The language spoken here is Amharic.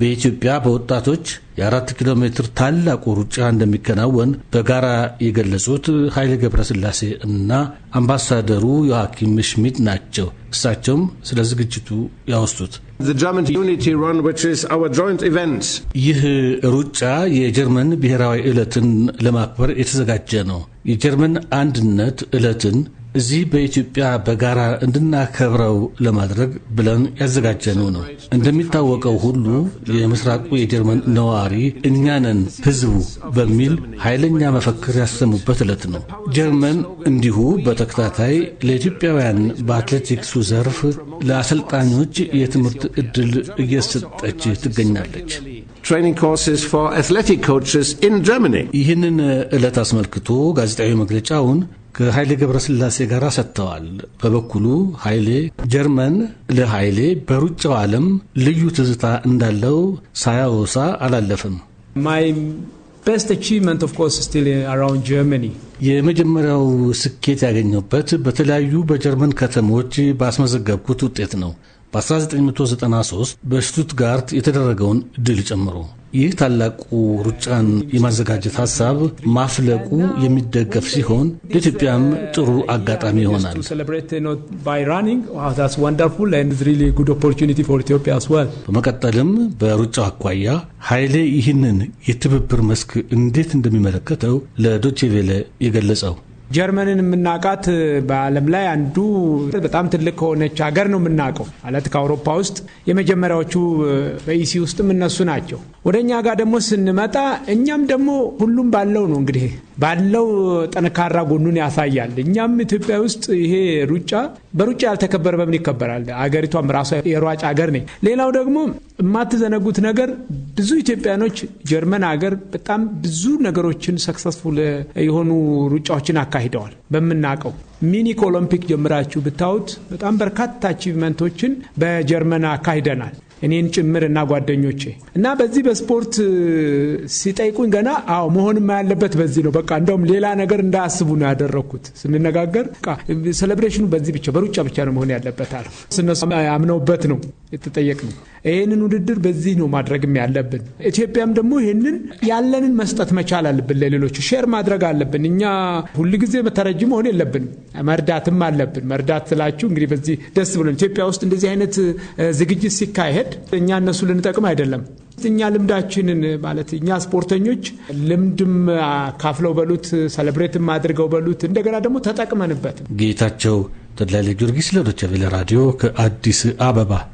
በኢትዮጵያ በወጣቶች የአራት ኪሎ ሜትር ታላቁ ሩጫ እንደሚከናወን በጋራ የገለጹት ኃይሌ ገብረስላሴ እና አምባሳደሩ ዮሐኪም ሽሚድ ናቸው። እሳቸውም ስለ ዝግጅቱ ያወስቱት ይህ ሩጫ የጀርመን ብሔራዊ ዕለትን ለማክበር የተዘጋጀ ነው። የጀርመን አንድነት ዕለትን እዚህ በኢትዮጵያ በጋራ እንድናከብረው ለማድረግ ብለን ያዘጋጀነው ነው። እንደሚታወቀው ሁሉ የምስራቁ የጀርመን ነዋሪ እኛንን ህዝቡ በሚል ኃይለኛ መፈክር ያሰሙበት ዕለት ነው። ጀርመን እንዲሁ በተከታታይ ለኢትዮጵያውያን በአትሌቲክሱ ዘርፍ ለአሰልጣኞች የትምህርት ዕድል እየሰጠች ትገኛለች። ትሬኒንግ ኮርስ አትሌቲክ ኮችስ ኢን ጀርመኒ። ይህንን ዕለት አስመልክቶ ጋዜጣዊ መግለጫውን ከኃይሌ ገብረስላሴ ጋር ሰጥተዋል። በበኩሉ ኃይሌ ጀርመን ለኃይሌ በሩጫው ዓለም ልዩ ትዝታ እንዳለው ሳያወሳ አላለፍም። የመጀመሪያው ስኬት ያገኘበት በተለያዩ በጀርመን ከተሞች ባስመዘገብኩት ውጤት ነው። በ1993 በሽቱትጋርት የተደረገውን ድል ጨምሮ ይህ ታላቁ ሩጫን የማዘጋጀት ሀሳብ ማፍለቁ የሚደገፍ ሲሆን ለኢትዮጵያም ጥሩ አጋጣሚ ይሆናል። በመቀጠልም በሩጫው አኳያ ኃይሌ ይህንን የትብብር መስክ እንዴት እንደሚመለከተው ለዶቼቬለ የገለጸው ጀርመንን የምናውቃት በዓለም ላይ አንዱ በጣም ትልቅ ከሆነች ሀገር ነው የምናውቀው። ማለት ከአውሮፓ ውስጥ የመጀመሪያዎቹ በኢሲ ውስጥም እነሱ ናቸው። ወደ እኛ ጋር ደግሞ ስንመጣ እኛም ደግሞ ሁሉም ባለው ነው እንግዲህ ባለው ጠንካራ ጎኑን ያሳያል። እኛም ኢትዮጵያ ውስጥ ይሄ ሩጫ በሩጫ ያልተከበረ በምን ይከበራል? አገሪቷም ራሷ የሯጭ አገር ነች። ሌላው ደግሞ የማትዘነጉት ነገር ብዙ ኢትዮጵያኖች ጀርመን አገር በጣም ብዙ ነገሮችን ሰክሰስፉል የሆኑ ሩጫዎችን አካሂደዋል። በምናውቀው ሚኒክ ኦሎምፒክ ጀምራችሁ ብታዩት በጣም በርካታ አቺቭመንቶችን በጀርመን አካሂደናል። እኔን ጭምር እና ጓደኞቼ እና በዚህ በስፖርት ሲጠይቁኝ ገና አዎ መሆንም ያለበት በዚህ ነው። በቃ እንደውም ሌላ ነገር እንዳያስቡ ነው ያደረግኩት። ስንነጋገር ሴሌብሬሽኑ በዚህ ብቻ በሩጫ ብቻ ነው መሆን ያለበት አለ። ስነሱ አምነውበት ነው የተጠየቅ ነው። ይህንን ውድድር በዚህ ነው ማድረግም ያለብን። ኢትዮጵያም ደግሞ ይህንን ያለንን መስጠት መቻል አለብን። ለሌሎቹ ሼር ማድረግ አለብን። እኛ ሁልጊዜ ተረጂ መሆን የለብንም። መርዳትም አለብን። መርዳት ስላችሁ እንግዲህ በዚህ ደስ ብሎ ኢትዮጵያ ውስጥ እንደዚህ አይነት ዝግጅት ሲካሄድ እኛ እነሱ ልንጠቅም አይደለም እኛ ልምዳችንን ማለት እኛ ስፖርተኞች ልምድም ካፍለው በሉት ሰለብሬትም አድርገው በሉት እንደገና ደግሞ ተጠቅመንበት። ጌታቸው ተድላይ ጊዮርጊስ ለዶቸቬለ ራዲዮ ከአዲስ አበባ